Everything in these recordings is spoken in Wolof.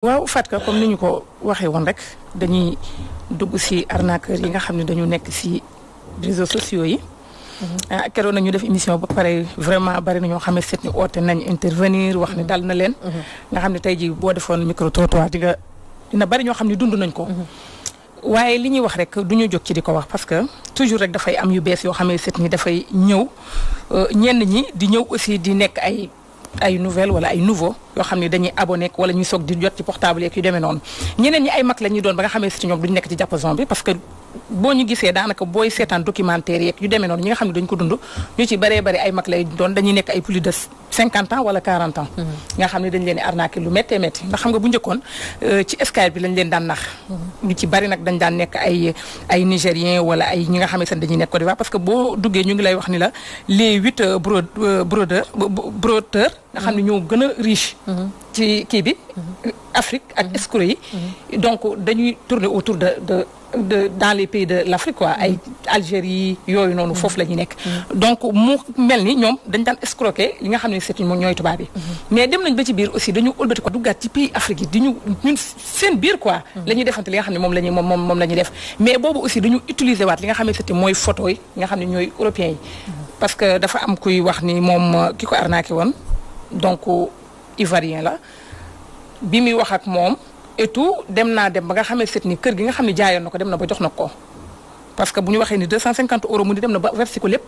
waaw Fatka comme ni ñu ko waxee woon rek dañuy dugg ci arnaqueur yi nga xam ne dañu nekk ci réseaux sociaux yi. Mm-hmm. Ah, keroon ñu def émission ba pare vraiment bari na ñoo xam ne seet ni oote nañ intervenir wax ne mm-hmm. dal na leen. Mm-hmm. nga xam ne tey jii boo defoon micro trottoir di nga dina bari ñoo xam ne dund nañ ko. waaye li ñuy wax rek du ñu jóg ci di ko wax parce que toujours rek dafay am yu bees yoo xam ne seet ni dafay ñëw euh, ñenn ñi di ñëw aussi di nekk ay ay nouvelle wala ay nouveau yoo xam ne dañuy abonné wala ñuy soog di jot ci portable yeeg yu demee noonu ñeneen ñi ay mag la ñuy doon ba nga xamee si ñoom duñ nekk ci jàppason bi parce que boo ñu gisee daanaka booy seetaan documentaire yeeg yu demee noonu ñi nga xam ne ay mag lay doon ay plus de cinquante ans wala quarante ans mm-hmm. nga xam ne dañ leen arnaqué lu méttee métti ndax xam nga bu njëkkoon euh, ci Skype bi lañ leen daan nax mm-hmm. ñu ci bëri nag dañ daan nekk ay ay nigérien wala ay ñi nga xam ne dañuy nekk Côte d'Ivoire boo duggee ñu ngi lay wax ni la les huit euh, brodeurs brodeurs nga xam ne ñoo gën a riche ci kii bi Afrique ak escroc yi donc dañuy tourner autour de de de dans les pays de l'Afrique quoi ay Algérie yooyu noonu foofu la ñuy nekk donc mu mel ni ñoom dañ daan escroquer li nga xam ne c'est moom ñooy tubaab yi mais dem nañ ba ci biir aussi dañu ëlbati quoi duggaat ci pays Afrique yi di ñu ñun seen ñuy defante li nga xam ne moom la ñuy moom moom moom la def mais boobu aussi dañu utiliser waat li nga xam ne c'était mooy photo yi nga xam ne ñooy européens yi parce que dafa am kuy wax ni moom ki ko arnaqué woon ivoirien la bi muy wax ak moom et tout dem naa dem ba nga xamee set ni kër gi nga xam ne jaayoon na ko dem na ba jox na ko parce que bu ñu waxee ni 250 euros mu ni dem na ba versi ko lépp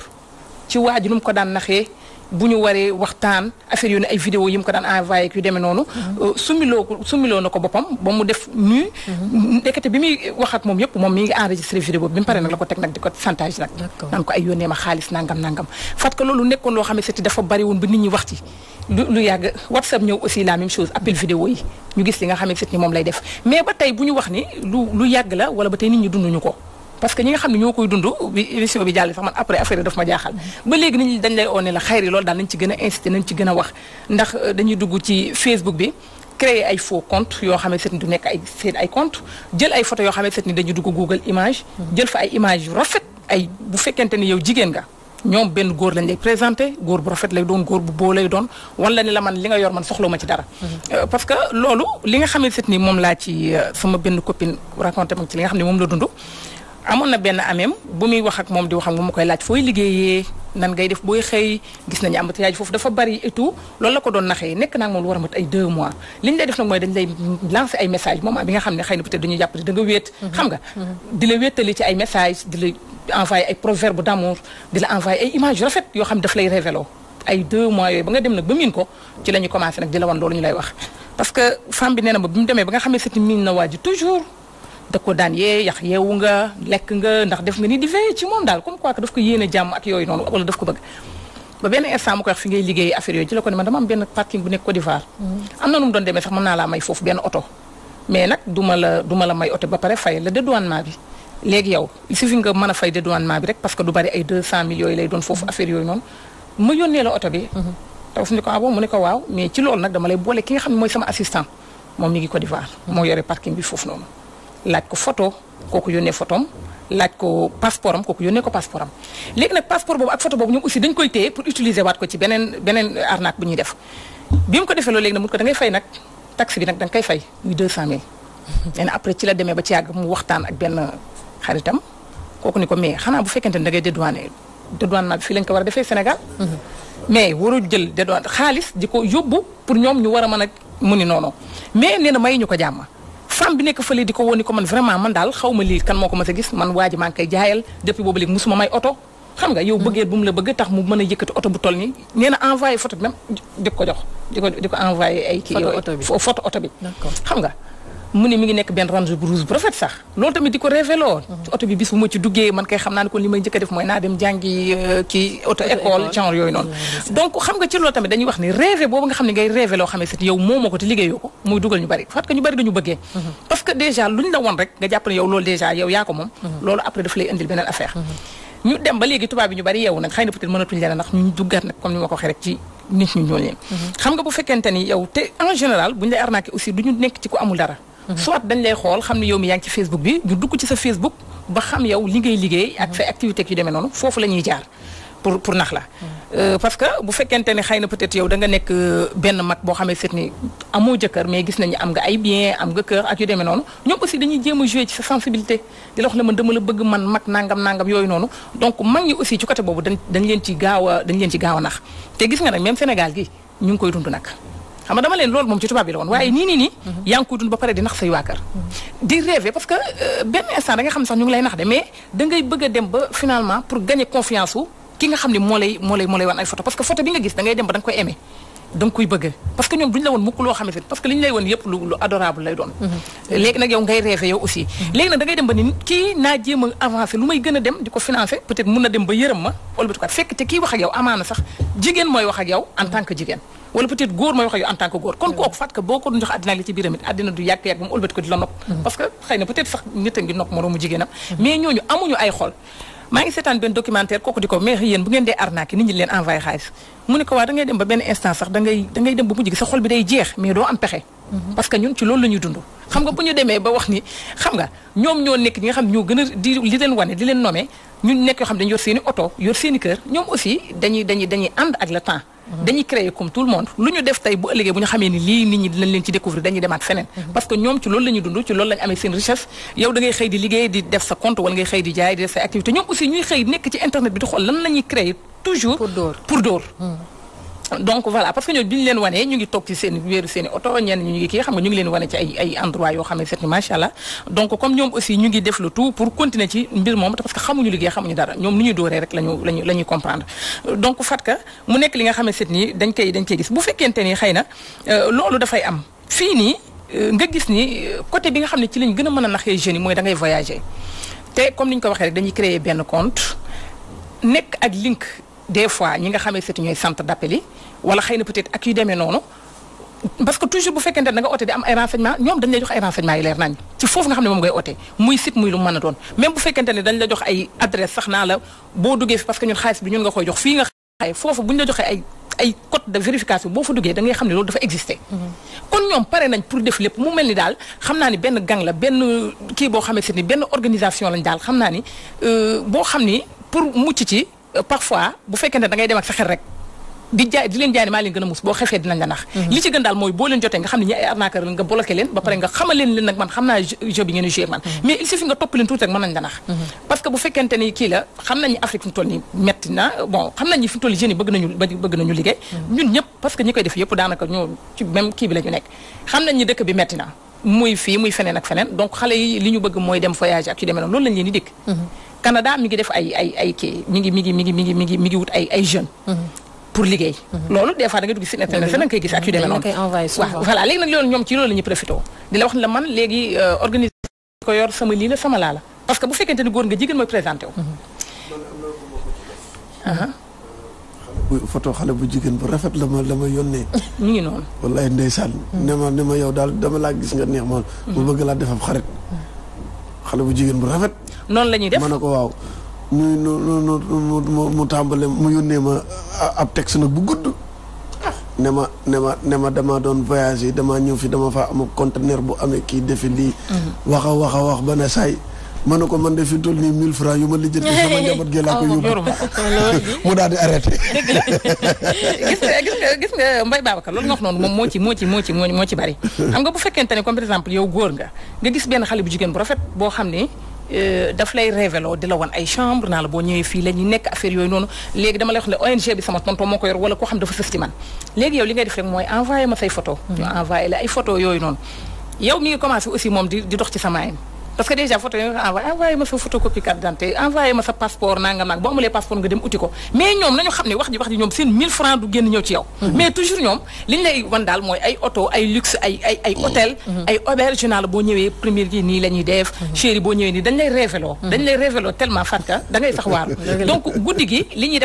ci waa ji nu ko daan naxee bu ñu waree waxtaan affaire yu ne ay vidéo yi mu ko daan envoyé ak yu demee noonu. Mhm. Euh, sumiloo ko na ko boppam ba mu def nu. Mhm. ndekete bi muy wax ak moom yëpp moom mi ngi enregistré vidéo bi mu paree nag la ko teg nag di ko chantage nag. naan ko ay yónnee ma xaalis nangam nangam. fat ko loolu nekkoon loo xam ne c'était dafa bari woon ba nit ñi wax ci lu lu yàgg WhatsApp ñëw aussi la même chose appel vidéo yi ñu gis li nga xam ne ni moom lay def mais ba tey bu ñu wax ni lu lu yàgg la wala ba tey nit ñi dunduñu ko. parce que ñi nga xam ne ñoo koy dund bi émission bi jàll sax man après affaire yi daf ma jaaxal ba léegi nit ñi dañ lay oone la xayri loolu daal nañ ci gën a incité nañ ci gën a wax ndax euh, dañuy dugg ci Facebook bi créer ay faux compte yoo xamante ni du nekk ay seen ay compte jël ay photo yoo xamante ni dañuy dugg Google image jël fa ay image yu rafet ay bu fekkente ni yow jigéen nga ñoom benn góor lañ lay présenté góor bu rafet lay doon góor bu boo doon wala ni la man li nga yor man soxla ma ci dara. Mhm. Euh, parce que loolu li nga xamante ni moom laa ci euh, sama benn copine raconté ma ci li nga xam ne moom la dund. amoon na benn ameem bu muy wax ak moom di wax ak ma koy laaj fooy liggéeyee nan ngay def booy xëy gis nañu embouteillage foofu dafa bari et loolu la ko doon naxee nekk naa moom lu war a mat ay 2 mois li ñu lay def nag mooy dañ lay lancer ay message moment bi nga xam ne xëy na peut-être dañuy jàpp da mhm. mhm. di la wéetali ci ay message di la ñu commencé nag di la wan loolu ñu lay wax parce que femme bi nee na ba bi mu demee ba nga xam ne miin na waa ji toujours. da ko daan yee yax yeewu nga lekk nga ndax def nga ni di moom daal comme quoi que ko yéene jàmm yooyu noonu wala daf ko bëgg ba benn instant mu koy wax fi ngay liggéey nekk Côte d'Ivoire mm. am na nu mu doon demee sax mën naa laa may foofu benn oto mais nag du yow il suffit nga mën a fay dédouanement bi rek parce que du bari ay 200 millions yooyu lay doon foofu mm-hmm. affaire yooyu noonu ma mm-hmm. ah ne ko waaw mais ci loolu nag dama lay boole ki nga xam ne mooy sama assistant moom mi ngi Côte d'Ivoire mm-hmm. moo yore parking bi foofu noonu laaj ko photo kooku yónnee photom laaj ko passeport am kooku yónnee ko passeport am léegi nag passeport boobu ak photo boobu ñoom aussi dañ koy téye pour utiliser waat ko ci beneen beneen arnaque bu ñuy def bi mu ko defee loolu léegi nag mun ko ngay fay nag taxe bi nag da nga koy fay muy 200000. nee après ci la demee ba ci yàgg mu waxtaan ak benn xaritam kooku ni ko mais xanaa bu fekkente ne da ngay dédouané dédouanement bi fii lañ ko war a defee Sénégal. mais warul jël dédouane xaalis di ko yóbbu pour ñoom ñu war a mën a mu ni noonu mais nee na may ñu ko jàmm. femme bi nekk fële di ko woon ni ko man vraiment man daal xaw lii kan moo ko mës a gis man waa maa ngi koy jaayal depuis boobu léegi musuma may oto xam nga yow bëggee bu mu la bëgg tax mu mën a yëkkati oto bu toll nii nee na envoyé photo bi même di ko jox di ko di ko envoyé ay kii yooyu photo oto bi xam nga mu ne mi ngi nekk benn range bu rouge bu rafet sax loolu tamit di ko révéloo mhm. ci oto bi bis bu ma ci duggee man kay xam naa ne kon li may njëkk a def mooy naa dem jàngi euh, kii auto école genre yooyu noonu donc xam nga ci loolu tamit dañuy wax ni rêve boobu nga xam ne ngay rêve loo xamee c'est yow moomoo ko te liggéeyoo ko muy dugal ñu bari fat que ñu bari dañu bëggee mhm. parce que déjà luñ la woon rek nga jàpp ne yow loolu déjà yow yaa ko moom mhm. loolu après daf lay indil ñu dem ba léegi tubaab bi ñu bari yeewu nag xëy na peut-être mënatuñ leen ndax ñu duggaat nag comme ni ma ko waxee rek ci nit ñu ñuul ñi mhm. xam nga bu fekkente ni yow te en général buñ lay arnaqué aussi du ñu nekk ci ku amul dara mhm. soit dañ lay xool xam ne yow mi yaa ngi ci Facebook bi ñu dugg ci sa Facebook ba xam yow li ngay liggéey ak sa activité yu demee noonu foofu la ñuy jaar pour pour nax la. Euh, parce que bu fekkente ne xëy na peut-être yow da nga nekk euh, benn mag boo xamee seet ni amoo jëkkër mais gis nañ am nga ay bien am nga kër ak yu demee noonu ñoom aussi dañuy jéem a jouer sa sensibilité di la wax ne man dama la bëgg man mag nangam nangam yooyu noonu donc mag ñi aussi ci côté boobu dañ leen ci gaaw a dañ leen ci gaaw a nax te gis nga nag même Sénégal gi ñu ngi koy dund nag. xam nga dama leen loolu moom ci tubaab bi la woon waaye nii nii nii mhm. yaa ngi mhm. que euh, benn instant da nga xam sax ñu ngi lay nax de mais da a dem pour gagner confiance wu ki nga xam ne moo lay moo lay moo lay wan ay photo parce que photo bi nga gis da dem ba da koy aimé da koy bëgg parce que ñoom duñ la woon mukk loo xamante parce que li ñu lay woon yëpp lu adorable lay doon mm-hmm. léegi nag yow ngay rêvé yow aussi mm-hmm. léegi nag da dem ba ni kii naa jéem avancé lu may gën a dem di ko financé peut être mun na dem ba yërëm ma wala batukat fekk te kii wax ak yow amaana sax jigéen mooy wax ak yow en tant que jigéen wala mm-hmm. a ngi nopp maa ngi seetaan benn documentaire kooku di ko mais yéen bu ngeen dee arnaque nit ñi leen envoyé xaalis mu ne ko waa da ngay dem ba benn instant sax da ngay dem ba mujj gi sa xol bi day jeex mais doo am pexe. Mhm. parce que ñun ci loolu la ñuy dund. xam nga bu ñu demee ba wax ni xam nga ñoom ñoo nekk ñi nga xam ñoo gën a di li leen wane di leen nommer ñun nekk yoo xam dañu yor seen i oto yor seeni i kër ñoom aussi dañuy dañuy dañuy ànd ak le temps dañuy créer comme tout le monde lu ñu def tey bu ëllëgee bu ñu xamee ni lii nit ñi dinañ leen ci découvrir dañuy demaat feneen mhm. parce que ñoom ci loolu la ñuy ci loolu la amee seen richesse yow da xëy di liggéey di def sa compte wala ngay xëy di jaay di def sa activité ñoom aussi ñuy xëy nekk ci internet bi di xool lan la créer toujours pour dóor mhm. donc voilà parce leen wanee ñu ngi toog ci seen wéeru seen i oto ñenn ñu ngi kii xam nga ñu ngi leen wane ci ay ay endroit yoo xam ne c'est macha allah donc comme ñoom aussi ñu ngi def le tout pour continuer ci mbir moom parce que Fatka mu nekk li nga xam ne c'est nii dañ koy gis bu fekkente ni xëy na euh, loolu dafay am fii nii euh, nga gis ni euh, côté bi nga xam ne ci lañ gën a mën a naxee jeunes mooy da ngay voyager te comme ni ñu ko waxee rek dañuy créer benn compte nekk ak link des fois ñi nga xamee seeti ñooy centre d'appel yi wala xëy na peut-être ak yu demee noonu parce que toujours bu fekkente ne da nga oote di am ay renseignement ñoom dañ lay jox ay renseignement yi leer nañ ci foofu nga xam ne moom ngay oote muy site muy lu mën a doon même bu fekkente ne jox ay adresse sax naa la boo duggee fi parce que ñun xaalis bi ñun nga koy jox fii nga xaye foofu buñ la joxee ay ay code de vérification boo fa duggee da ngay xam ne loolu dafa exister mm-hmm. ni daal xam naa ni benn gang la benn kii boo xamante ni benn organisation lañ daal xam naa ni euh, boo xam ni pour mucc ci parfois bu fekkente ne da ngay dem ak sa xel rek di jaay di leen jaay ne maa leen gën a muus boo xefee dinañ la nax mhm. li ci gën daal mooy boo leen jotee nga xam ne ñi ay arnaqueur nga bloqué leen ba pare nga xam naa jeu bi ngeen mhm. nga topp leen tuuti rek mën nañ la nax mhm. Afrique fi mu nii metti na bon xam nañu fi mu toll jeunes yi bëgg nañu liggéey ñun ñëpp parce que ñi koy def yëpp daanaka ñoo ci même kii bi la nekk xam nañ ni dëkk bi metti na muy fii muy li ñu mooy dem voyage Canada mi ngi def ay ay ay kii mi ngi mi ngi mi ngi mi ngi mi ngi mi ngi wut ay ay jeunes. Mhm. pour liggéey. Mhm. loolu des fois da nga dugg si internet feneen koy gis ak yu demee noonu. waaw voilà léegi nag loolu euh, ko yor sama lii sama laa parce que bu fekkente ni góor nga jigéen mooy présenté wu. Mhm. xale bu jigéen bu rafet la ma ma yónnee. mi ngi noonu. wallaay ndeysaan. ne ma ne ma yow daal dama laa gis nga neex ma. bu bëgg laa def ab xarit. xale bu jigéen bu rafet. noonu la ñuy def ma ne ko waaw. muy nu nu mu mu tàmbale mu yónnee ma ab texte nag bu gudd. ne ma ne ma ne ma damaa doon voyage yi ñëw fi dama fa am conteneur bu amee kii defi lii. Mm-hmm. wax a wax a wax ma ne ko man de fi mu toll nii 1000 francs yu ma lijjanti sama njaboot gi laa ko yóbbu mu daal di arrêté. gis nga gis nga gis nga Mbaye Babacar loolu noonu moom moo ci moo ci moo ci moo ci bari. xam bu fekkente ne comme par yow góor nga nga gis benn xale bu jigéen bu rafet boo xam ne. Euh, daf lay révélo di la wan ay chambre naa la boo ñëwee fii la nekk affaire yooyu noonu léegi dama lay bi sama tonton moo ko yor wala koo xam dafa sës ci man léegi yow li mooy envoyé ma say photo ñu envoyé la yooyu noonu yow mi ngi commencé aussi moom di di dox ci samaayam parce que déjà photo yi envoyé envoyé ma sa photocopie carte d'identité envoyé ma sa passeport nangam ak boo amulee passeport nga dem uti ko mais ñoom nañu xam ne wax ji wax ji ñoom seen 1000 francs du génn ñëw ci yow mhm. mais toujours ñoom liñ lay wan daal mooy ay oto ay luxe ay ay hôtel mhm. Mhm. ay auberge la boo ñëwee premier ji nii la ñuy def chéri boo ñëwee nii dañ lay révélo dañ lay révélo tellement fatka da ngay sax waaru donc guddi gi li ñuy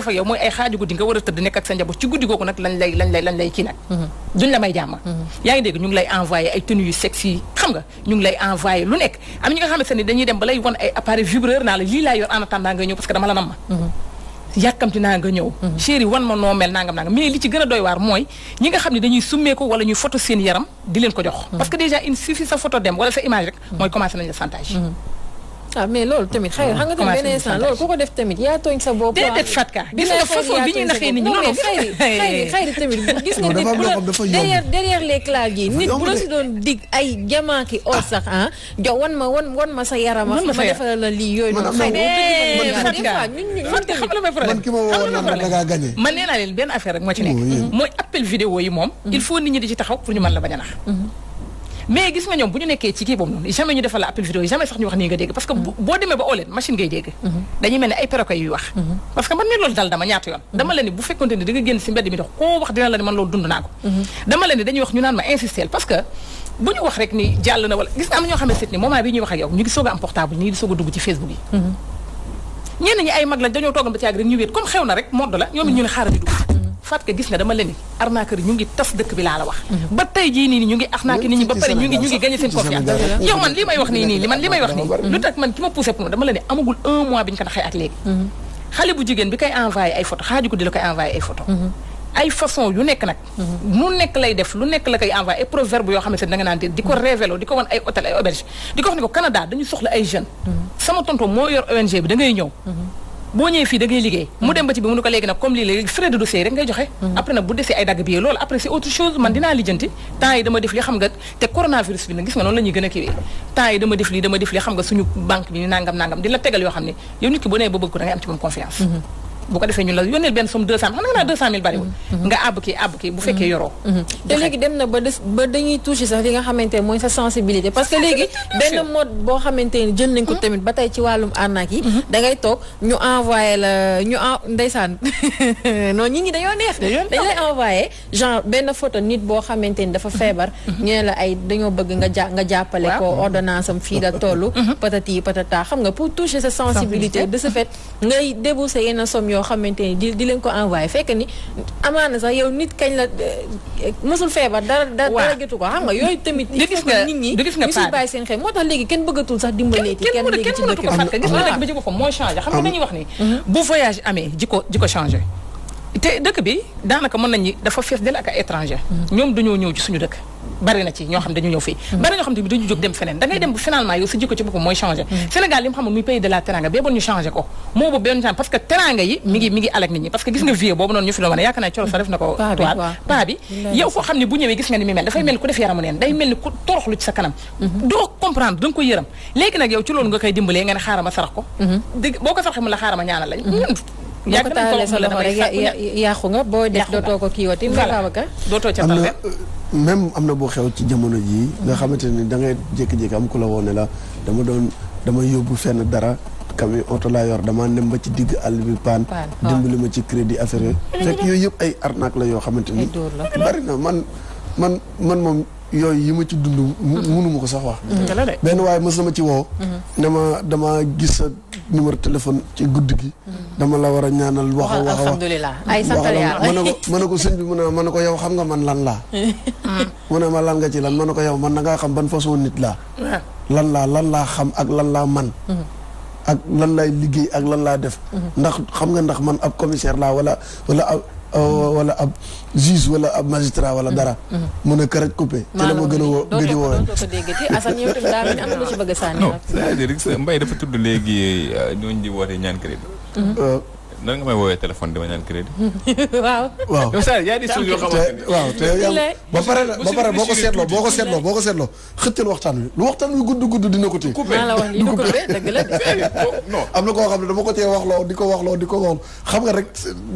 a tëdd nga xamante ni dañuy dem ba lay won ay appareil vibreur naa la lii laa yor en attendant nga ñëw parce que dama la ma mhm. yàkkamti naa nga ñëw mhm. chéri wan ma noo mel nangam nangam mais li ci gën a doy waar mooy ñi nga xam ne dañuy summee ko wala ñuy photo seen yaram di leen ko jox mhm. parce que déjà il suffit sa photo dem wala sa image rek mooy commencé nañ la chantage ah mais loolu tamit xëy xam nga tamit benn instant loolu ku ko def yaa tooñ sa bopp. déedéet Fatka gis nga foofu bi ñuy naxee nit bu la derrière derrière les claviers si doon dig ay jamaaki or ah. sax ah jox wan ma wan wan ma sa yaram ma defal la lii yooyu noonu xëy na Fatka Fatka xam la may problème man nee leen benn affaire rek moo ci nekk mooy appel vidéo yi moom il faut nit ñi di ci taxaw pour ñu man la bañ a nax mm-hmm. mais gis nga ñoom bu ñu nekkee ci kii boobu noonu jamais ñu defal la appel vidéo jamais sax ñu wax nii nga dégg parce mm-hmm. boo demee ba oo machine ngay dégg mm-hmm. dañuy mel ne ay perroquet yuy wax mm-hmm. parce man mii loolu dal dama ñaata yoon dama la ni bu wax ñu naan ma insister parce bu ñu wax rek ni jàll na wala gis nga am ñoo xam ne sit ni moment bi ñuy wax ak yow ñu ngi soog am portable ñu ngi dugg ci facebook yi ñenn ñi ay mag lañ dañoo toogal faat ka gis nga dama leen ni arnaqueur ñu ngi taf dëkk bi laa la wax mm-hmm. ba tey jii nii ñu ngi arnaqué nit ñi ba pare ñu ngi ñu seen confiance yow man lii may wax nii nii man li may wax nii lu tax man ki ma poussé pour dama leen amagul un mois bi ñu ko naxee ak léegi mm-hmm. xale bu jigéen bi koy envoyé ay photo xaaju guddi la koy envoyé ay photo mm-hmm. ay façon yu nekk nag lu nekk lay def lu nekk la koy envoyé ay proverbe yoo xamante ne da nga naan di ko di ko ay hôtel ne moo yor ONG ngay boo ñëwee fii da ngay liggéey mu dem ba ci bi mu ne ko léegi nag comme lii léegi frais de dossier rek ngay joxe après nag bu desee ay dagg bi loolu après c'est autre chose man dinaa lijjanti temps yi dama def li xam nga te coronavirus bi nag gis nga noonu la gën a kiwee temps yi dama def lii dama def li xam nga suñu banque bi nangam nangam di tegal yoo xam ne yow nit ki boo nee ba bëgg ko da am ci moom confiance bu ko defee ñu la yónneel benn somme deux cent nga naa deux cent bariwul mm-hmm. nga àbb kii àbb kii bu fekkee mm-hmm. yoroo mm-hmm. te léegi dem na ba des ba dañuy touché sax li nga xamante mooy sa sensibilité parce que léegi benn ba tey ci wàllum arnaque da ngay toog ñu envoyé la ñu en ndeysaan ñu ñi ñi dañoo neex dañ lay envoyé genre benn photo nit boo xamante ni dafa feebar ñu ne la ay dañoo bëgg nga ja nga jàppale ko ordonnance am fii la toll patati patata xam nga pour toucher sa sensibilité de ce ngay débourser yoo xamante ni di di leen ko envoyé fekk ni amaana sax yow nit kañ la eh, mosul feebar dara dara jotu ko xam nga yooyu tamit il faut que nit ñi ñu si bàyyi seen xel moo tax léegi kenn bëggatul sax dimbaleeti kenn léegi ci dëkk bi gis nga dëkk bi ci boppam mooy changé xam nga wax ni mhm. bu voyage amee ji ko ji ko changé te dëkk bi daanaka mën nañu dafa fees de ak ay étranger mhm. ñoom dañoo ñëw ci suñu dëkk bari na ci ñoo xam dañu ñëw fii mm-hmm. bari ñoo xam dañu jóg dem feneen da mm-hmm. dem bu finalement yow sa jikko ci boppam mooy changé mm-hmm. Sénégal li mu xamoon muy pays de la teranga bee boobu ñu fi ko paa bi yow foo xam ne bu ñëwee gis nga ni mi mel dafay mel ni ku def yaramu neen day mel ni ku toroxlu ci sa kanam doo comprendre da nga ko léegi nag yow ci loolu nga koy dimbalee nga ne xaarama sarax ko boo ko saraxee mu la xaarama ñaanal la yàgg nañ ko sa loxo rek yàqu nga boo def dootoo ko kiiwati mbaawaaka dootoo ca tal même am na boo xew ci jamono jii nga xamante ne da ngay jékki-jékki am ku la woone la dama doon dama yóbbu fenn dara kami oto laa yor damaa dem ba ci digg àll bi paan dimbali ah. ma ci crédit affaire fekk yooyu yëpp ay arnaque la yoo xamante ni bari na man man man moom yooyu yi ma ci dund mënuma mm-hmm. ko sax wa mm-hmm. benn waaye mës na ci woo mm-hmm. ne ma dama gis numéro téléphone ci guddi gi. dama la war a ñaanal wax a wax a wax ay sant yàlla ma ne ko ma ne ko sëñ bi mu a ma a ko yow xam nga man lan la mu ne ma lan nga ci lan ma a ko yow man na ngaa xam ban façon nit laa. lan laa lan laa xam ak lan la man mhm. ak lan laay liggéey ak lan laa def. Mhm. ndax xam nga ndax man ab commissaire laa wala wala Euh, wala ab juge wala ab magistrat wala dara. mu mm-hmm. ne kër coupé. ci gën a woo a woowee. Assane yow tamit daal am a mbay dafa tudd léegi euh, ñooñu di woote ñaan crédit. Euh, nan nga may woowee téléphone dama ñaan crédit. waaw. waaw yow yaa di yoo xamante ne waaw te ba pare ba pare boo ko seetloo boo ko seetloo boo ko seetloo xëccal waxtaan wi lu waxtaan wi gudd gudd dina ko téye. maa la wax nii oh, am na koo xam ne dama ko wax loo di ko wax loo di ko waxloo xam nga rek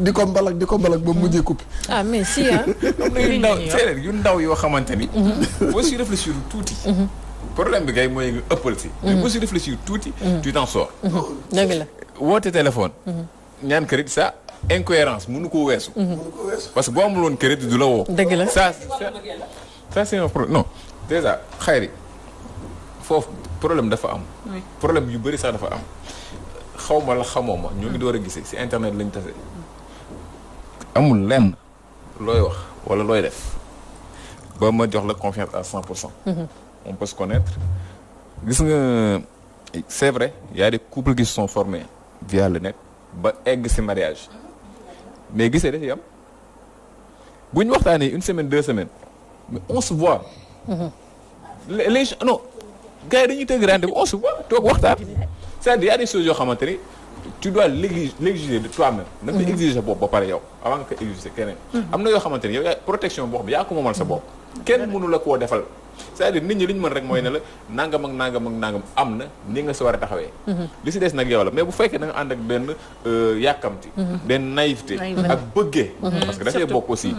di ko mbalak di ko mbalak ba mujjee coupé. ah mais si ah. yu ndaw yoo xamante ni. Mm-hmm. boo si réfléchir tuuti. Mm-hmm. problème bi kay mooy ëppal si. mais mm-hmm. boo si réfléchir tuuti. tu t'en sors. dëgg la woote téléphone. ñaan crédit ça incohérence mënu ko mhm. weesu. parce que boo amul woon crédit du la woo. dëgg la ça ça c'est un problème non déjà xayri foofu problème dafa am. problème yu bëri sax dafa am. xawma la xamoo ma ñu ngi door a gisee ci internet lañ tase. amul lenn looy wax walla looy def ba ma jox la confiance à cent pour cent. Mhm. on peut se gis nga c'est vrai y a des couples qui se sont formés via le ba egg si mariage mais gisee dafay am bu ñu waxtaanee une semaine deux semaines mais on se voit. Mm-hmm. les les non gars yi dañuy tëgg rendez-vous on toog waxtaan. c'est-à-dire y a des yoo xamante ni tu dois l'exiger l'exiger de toi-même. na nga mm-hmm. exiger bopp ba pare yow avant nga ko exiger keneen. Mm-hmm. am na yoo xamante ni yow yaa protection boo xam yaa ko moomal sa bopp. kenn mënu la koo defal. c'est-à-dire nit ñi li ñu mën rek mooy ne la nangam ak nangam ak nangam am na ni nga si war a taxawee. Mhm. li si des nag yow la mais bu fekkee da nga ànd ak benn euh, yàkkamti. Mhm. benn naïveté ak bëggee. Mhm. parce que dafay bokk aussi.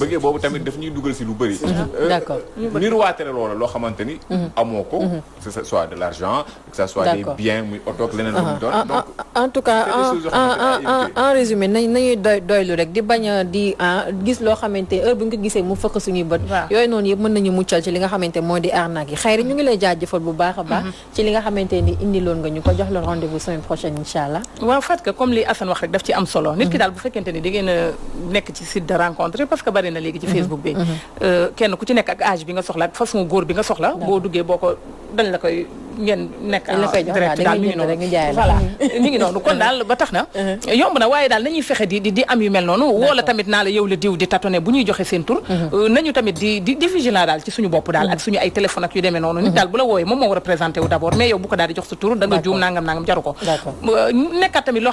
bëggee boobu tamit daf ñuy dugal si lu bëri. Euh, d'accord niir euh, waatale loola loo xamante ni. amoo ko. que ce soit de l'argent que ce soit des biens muy oto ak leneen lu mu doon ah, ah, donc ah, en tout cas en en résumé nañ nañuy doy doylu rek di bañ a di gis loo xamante heure bu ñu ko gisee mu fëkk suñuy bët. yooyu noonu yëpp mën nañu muccal ci li nga xamante moo di arnaque yi xayri ñu ngi lay jaajëfal bu baax a baax mhm. ci li nga xamante ni indiloon nga ñu ko jox la rendez semaine prochaine incha allah waaw Fatou comme li Assane wax rek daf ci am solo nit ki mhm. daal bu fekkente ni da ngeen a nekk ci site de rencontre parce que bari léegi ci mhm. Facebook bi euh, kenn ku ci nekk ak âge bi nga soxla ak façon góor bi nga soxla boo duggee boo ko dañ la koy ngeen nekk direct daal mi di di am yu mel noonu woo tamit naa daal ak suñu ay téléphone ak yu demee noonu nit mhm. daal bu la wooyee moom moo war a présenté wu d' mais yow bu ko daal di jox sa tur da juum nangam nangam jaru ko euh, nekkaat tamit loo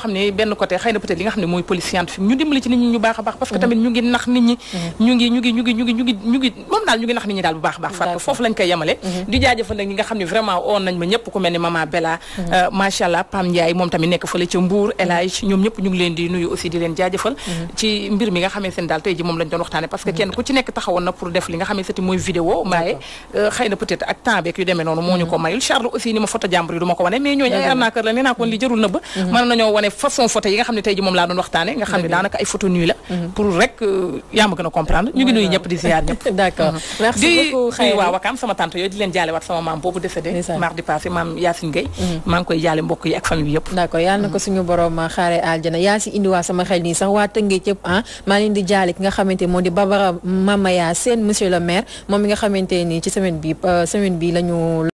xam ne mooy vidéo mbaaye Euh, xëy na peut ak temps yu demee noonu moo ñu ko mm. mayul Charles aussi ni ma photo jàmbur yi du ko wane mais ñooñu ay arnaqueur naa koon mm-hmm. la mm-hmm. pour rek euh, yaa ma gën a comprendre ñu ngi ñëpp di ziar ñëpp d'accord mm-hmm. merci beaucoup xëy waa Wakaam sama tante yooyu di leen jaale waat sama maam boobu décédé mardi passé maam Yacine Gueye maa ngi koy jaale mbokk yi ak famille yëpp d'accord yàlla na ko suñu borom ah, xaare aljana yaa si indi sama xel nii sax waa tëngee cëpp ah maa leen nii ci semaine bi euh, semaine bi lañu